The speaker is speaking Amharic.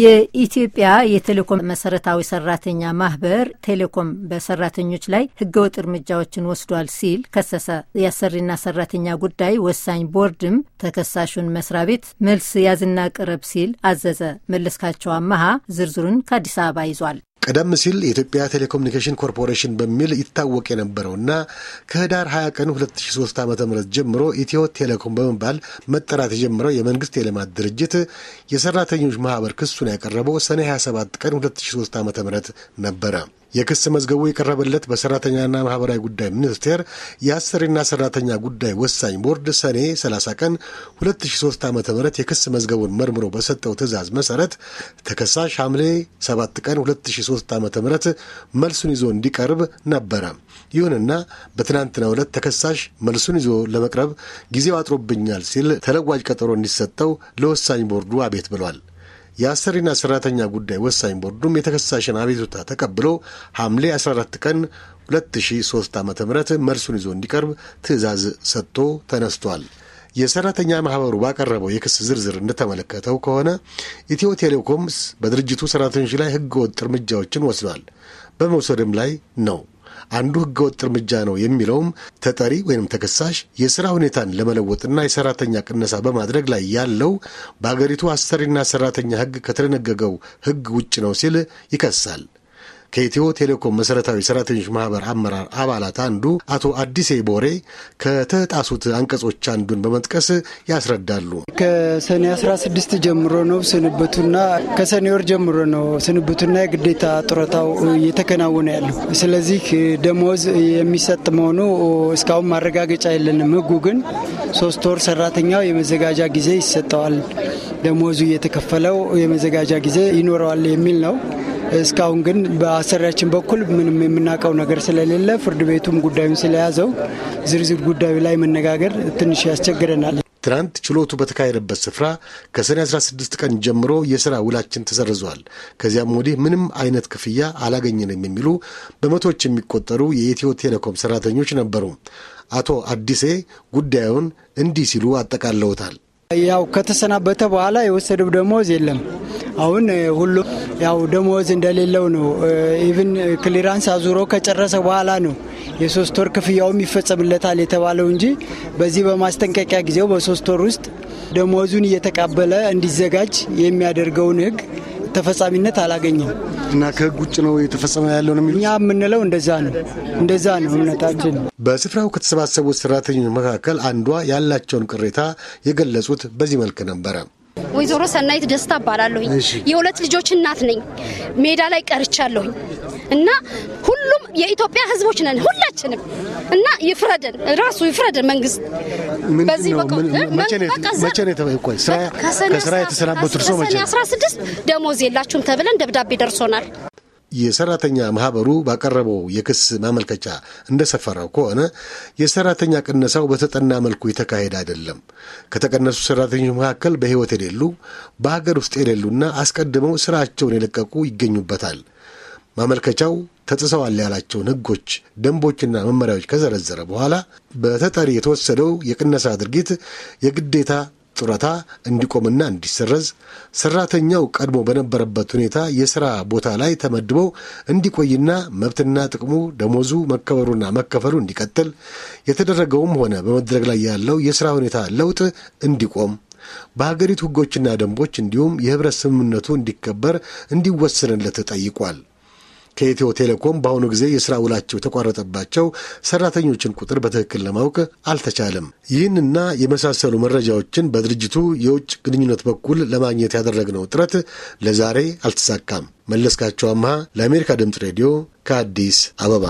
የኢትዮጵያ የቴሌኮም መሰረታዊ ሰራተኛ ማህበር ቴሌኮም በሰራተኞች ላይ ህገወጥ እርምጃዎችን ወስዷል ሲል ከሰሰ። የአሰሪና ሰራተኛ ጉዳይ ወሳኝ ቦርድም ተከሳሹን መስሪያ ቤት መልስ ያዝና ቅረብ ሲል አዘዘ። መለስካቸው አመሃ ዝርዝሩን ከአዲስ አበባ ይዟል። ቀደም ሲል የኢትዮጵያ ቴሌኮሙኒኬሽን ኮርፖሬሽን በሚል ይታወቅ የነበረውና ከህዳር 20 ቀን 2003 ዓ ም ጀምሮ ኢትዮ ቴሌኮም በመባል መጠራት የጀመረው የመንግስት የልማት ድርጅት የሰራተኞች ማህበር ክሱን ያቀረበው ሰኔ 27 ቀን 2003 ዓ ም ነበረ። የክስ መዝገቡ የቀረበለት በሰራተኛና ማህበራዊ ጉዳይ ሚኒስቴር የአሰሪና ሰራተኛ ጉዳይ ወሳኝ ቦርድ ሰኔ 30 ቀን 2003 ዓ ም የክስ መዝገቡን መርምሮ በሰጠው ትዕዛዝ መሰረት ተከሳሽ ሐምሌ 7 ቀን 2003 ዓ ም መልሱን ይዞ እንዲቀርብ ነበረ። ይሁንና በትናንትናው ዕለት ተከሳሽ መልሱን ይዞ ለመቅረብ ጊዜው አጥሮብኛል ሲል ተለዋጅ ቀጠሮ እንዲሰጠው ለወሳኝ ቦርዱ አቤት ብሏል። የአሰሪና ሰራተኛ ጉዳይ ወሳኝ ቦርዱም የተከሳሽን አቤቱታ ተቀብሎ ሐምሌ 14 ቀን 2003 ዓ ም መልሱን ይዞ እንዲቀርብ ትዕዛዝ ሰጥቶ ተነስቷል። የሰራተኛ ማህበሩ ባቀረበው የክስ ዝርዝር እንደተመለከተው ከሆነ ኢትዮ ቴሌኮምስ በድርጅቱ ሰራተኞች ላይ ህገወጥ እርምጃዎችን ወስዷል፣ በመውሰድም ላይ ነው። አንዱ ህገወጥ እርምጃ ነው የሚለውም ተጠሪ ወይም ተከሳሽ የስራ ሁኔታን ለመለወጥና የሰራተኛ ቅነሳ በማድረግ ላይ ያለው በአገሪቱ አሰሪና ሰራተኛ ህግ ከተደነገገው ህግ ውጭ ነው ሲል ይከሳል። ከኢትዮ ቴሌኮም መሰረታዊ ሰራተኞች ማህበር አመራር አባላት አንዱ አቶ አዲሴ ቦሬ ከተጣሱት አንቀጾች አንዱን በመጥቀስ ያስረዳሉ። ከሰኔ 16 ጀምሮ ነው ስንብቱና ከሰኔ ወር ጀምሮ ነው ስንብቱና የግዴታ ጡረታው እየተከናወነ ያለው። ስለዚህ ደሞዝ የሚሰጥ መሆኑ እስካሁን ማረጋገጫ የለንም። ህጉ ግን ሶስት ወር ሰራተኛው የመዘጋጃ ጊዜ ይሰጠዋል፣ ደሞዙ እየተከፈለው የመዘጋጃ ጊዜ ይኖረዋል የሚል ነው። እስካሁን ግን በአሰሪያችን በኩል ምንም የምናውቀው ነገር ስለሌለ ፍርድ ቤቱም ጉዳዩን ስለያዘው ዝርዝር ጉዳዩ ላይ መነጋገር ትንሽ ያስቸግረናል። ትናንት ችሎቱ በተካሄደበት ስፍራ ከሰኔ 16 ቀን ጀምሮ የሥራ ውላችን ተሰርዟል፣ ከዚያም ወዲህ ምንም አይነት ክፍያ አላገኘንም የሚሉ በመቶዎች የሚቆጠሩ የኢትዮ ቴሌኮም ሠራተኞች ነበሩ። አቶ አዲሴ ጉዳዩን እንዲህ ሲሉ አጠቃለውታል። ያው ከተሰናበተ በኋላ የወሰደው ደሞዝ የለም። አሁን ሁሉም ያው ደሞዝ እንደሌለው ነው። ኢቭን ክሊራንስ አዙሮ ከጨረሰ በኋላ ነው የሶስት ወር ክፍያውም ይፈጸምለታል የተባለው እንጂ በዚህ በማስጠንቀቂያ ጊዜው በሶስት ወር ውስጥ ደሞዙን እየተቀበለ እንዲዘጋጅ የሚያደርገውን ህግ ተፈጻሚነት አላገኘም እና ከህግ ውጭ ነው የተፈጸመ ያለው ነው እኛ የምንለው እንደዛ ነው። እንደዛ ነው እምነታችን። በስፍራው ከተሰባሰቡት ሰራተኞች መካከል አንዷ ያላቸውን ቅሬታ የገለጹት በዚህ መልክ ነበረ። ወይዘሮ ሰናይት ደስታ እባላለሁኝ። የሁለት ልጆች እናት ነኝ። ሜዳ ላይ ቀርቻለሁኝ እና ሁሉም የኢትዮጵያ ህዝቦች ነን ሁላችንም እና ይፍረደን፣ ራሱ ይፍረደን መንግስት። በዚህ ከሰኔ 16 ደሞዝ የላችሁም ተብለን ደብዳቤ ደርሶናል። የሰራተኛ ማህበሩ ባቀረበው የክስ ማመልከቻ እንደሰፈረው ከሆነ የሰራተኛ ቅነሳው በተጠና መልኩ የተካሄደ አይደለም። ከተቀነሱ ሰራተኞች መካከል በሕይወት የሌሉ በሀገር ውስጥ የሌሉና አስቀድመው ስራቸውን የለቀቁ ይገኙበታል። ማመልከቻው ተጥሰዋል ያላቸውን ህጎች ደንቦችና መመሪያዎች ከዘረዘረ በኋላ በተጠሪ የተወሰደው የቅነሳ ድርጊት የግዴታ ጡረታ እንዲቆምና እንዲሰረዝ፣ ሰራተኛው ቀድሞ በነበረበት ሁኔታ የሥራ ቦታ ላይ ተመድቦ እንዲቆይና መብትና ጥቅሙ ደሞዙ መከበሩና መከፈሉ እንዲቀጥል የተደረገውም ሆነ በመድረግ ላይ ያለው የሥራ ሁኔታ ለውጥ እንዲቆም በሀገሪቱ ህጎችና ደንቦች እንዲሁም የህብረት ስምምነቱ እንዲከበር እንዲወሰንለት ጠይቋል። ከኢትዮ ቴሌኮም በአሁኑ ጊዜ የስራ ውላቸው የተቋረጠባቸው ሰራተኞችን ቁጥር በትክክል ለማወቅ አልተቻለም። ይህንና የመሳሰሉ መረጃዎችን በድርጅቱ የውጭ ግንኙነት በኩል ለማግኘት ያደረግነው ጥረት ለዛሬ አልተሳካም። መለስካቸው አምሃ ለአሜሪካ ድምፅ ሬዲዮ ከአዲስ አበባ